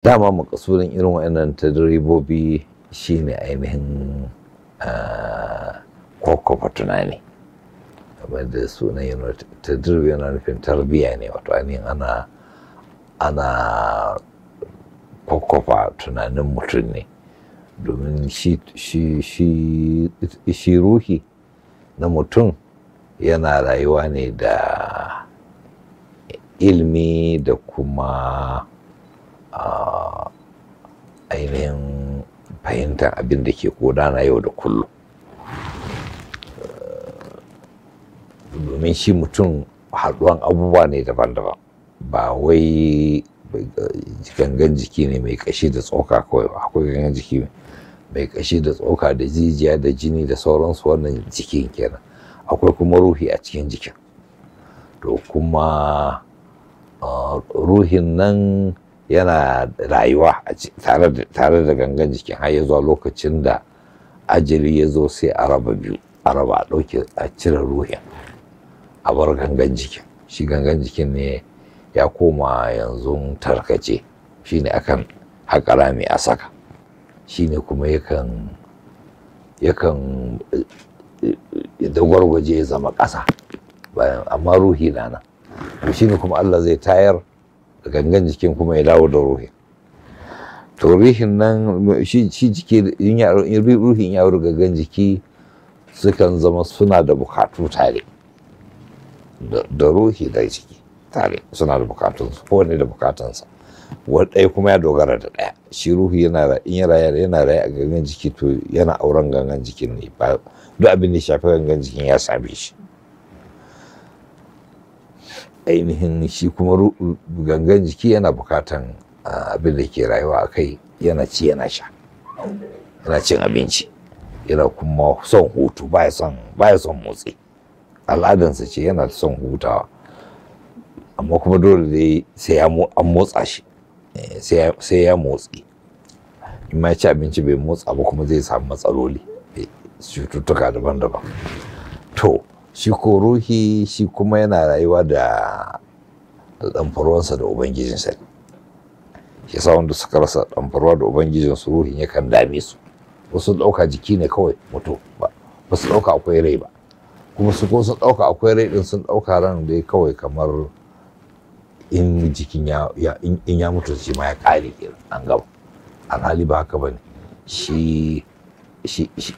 dama makasudin irin wa'annan ta direbobi shine ainihin ah, kokofa tunani kamar da sunan yana ta yana nufin tarbiya ne wato ainihin ana ana kokofa tunanin mutum ne domin shi ruhi na mutum yana rayuwa ne da ilmi da kuma ainihin fahimta abin da ke na yau da kullum domin shi mutum haɗuwan abubuwa ne daban-daban ba wai gangan jiki ne mai kashi da tsoka kawai ba akwai gangan jiki mai kashi da tsoka da jijiya da jini da sauransu wannan jikin kenan akwai kuma ruhi a cikin jikin to kuma ah, ruhin nan yana rayuwa tare da gangan jikin har ya lokacin da ajali ya zo sai a raba biyu a raba a ɗauke a cire ruhin a bar gangan jikin shi gangan jikin ne ya koma yanzu tarkace shi ne akan haƙara mai a saka shi ne kuma yakan yakan dagwargwaje ya zama ƙasa bayan amma ruhi na nan shi kuma Allah zai tayar gangan jikin kuma ya dawo da ruhi to ruhin nan shi jiki in ruhin ya gangan jiki sukan zama suna da bukatu tare da ruhi da jiki tare suna da bukatunsu kowane da bukatunsa wadai kuma ya dogara da ɗaya shi ruhi yana in yana yana raya a gangan jiki to yana auren gangan jikin ne ba duk abin da shafa shafi gangan jikin ya same shi ainihin shi kuma gangan jiki yana bukatan abin da ke rayuwa a kai yana ci yana sha yana cin abinci yana kuma son hutu baya son motsi al'adansa ce yana son hutawa amma kuma dole dai sai an motsa shi eh, sai ya motsi in ma ci abinci bai motsa ba kuma zai samu matsaloli eh, cututtuka daban-daban to shi ko ruhi shi kuma yana rayuwa da ɗanfarwansa da ubangijinsa shi sa wanda suka rasa ɗanfarwa da ubangijinsu ruhin yakan dame su wasu ɗauka jiki ne kawai mutu ba ba su ɗauka akwai rai ba kuma su ko sun ɗauka akwai rai ɗin sun ɗauka ran dai kawai kamar in jikin ya in ya mutu shi ma ya ƙare an gaba alhali ba haka ba ne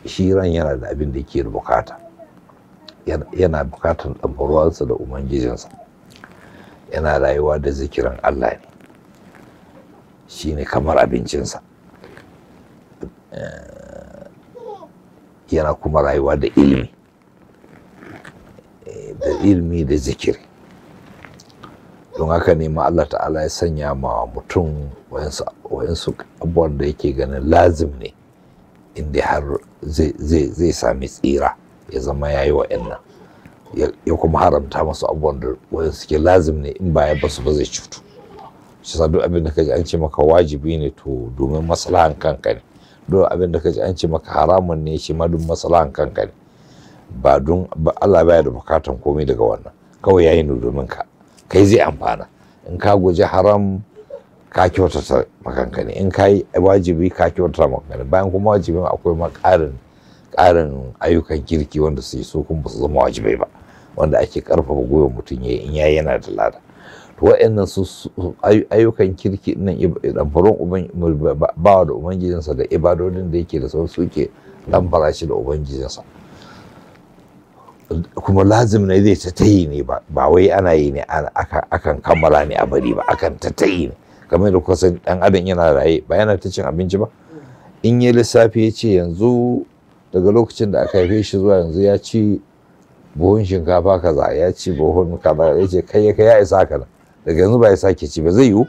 shi ran yana da abin da yake bukata yana bukatar ɗanfarwarsa da ubangijinsa yana rayuwa da zikirin Allah ne shi ne kamar abincinsa eh, yana kuma rayuwa da ilimi eh, da ilimi da zikiri don haka ne ma Allah ta'ala ya sanya ma mutum wayansu abubuwan da yake ganin lazim ne inda har zai sami tsira ya zama ya yi nan ya kuma haramta masu abubuwan da wanda suke lazim ne in ba ya basu ba zai cutu shi sa duk abin da kaji an ce maka wajibi ne to domin maslahan kanka ne duk abin da kaji an ce maka haramun ne shi ma duk maslahan kanka ne ba don Allah baya da bukatan komai daga wannan kawai yayi ne domin ka kai zai amfana in ka guji haram ka kyautata makanka ne in ka wajibi ka kyautata makanka ne bayan kuma wajibin akwai makarin ƙarin ayyukan kirki wanda su yi so kuma su zama wajibai ba wanda ake ƙarfafa gwiwa mutum ya in ya yana da lada to wa'annan su ayyukan kirki nan ɗanfaron bawa da ubangijinsa da ibadodin da yake da sauran suke lambara shi da ubangijinsa kuma lazim ne zai ta ne ba wai ana yi ne akan kammala ne a bari ba akan ta ne kamar da kusan dan adam yana raye ba yana ta cin abinci ba in ya lissafi ya ce yanzu daga lokacin da aka haife shi zuwa yanzu ya ci buhun shinkafa kaza ya ci buhun kaza ya ce kai kai ya isa haka daga yanzu ba ya sake ci ba zai yiwu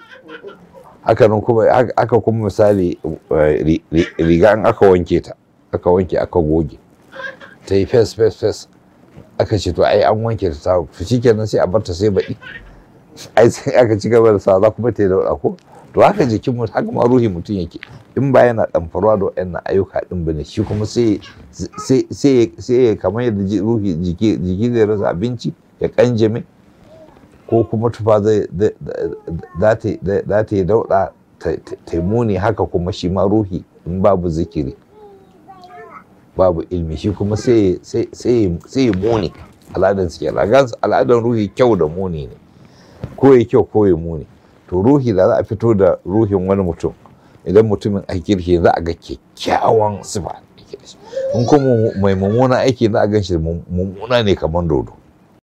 haka nan kuma aka kuma misali eh, riga an aka wanke ta aka wanke aka goge ta yi fes fes fes aka ce to ai an wanke ta ta shi kenan sai a barta sai baɗi ai sai aka ci gaba da sa za kuma ta yi da ko to haka jikin mutum haka ma ruhi mutum yake in ba yana ɗamfarwa da waɗannan ayyuka ɗin ba ne shi kuma sai ya kamar yadda ruhi jiki zai rasa abinci ya kanjame ko kuma tufa zai za ta yi dauɗa taimuni haka kuma shi ma ruhi in babu zikiri babu ilmi shi kuma sai ya muni al'adan suke al'adan ruhi kyau da muni ne ko kyau ko ya muni to ruhi da za a fito da ruhin wani mutum idan mutumin aiki da za a ga kyakkyawan sifa in kuma mai mummuna aiki za a gan mummuna ne kamar dodo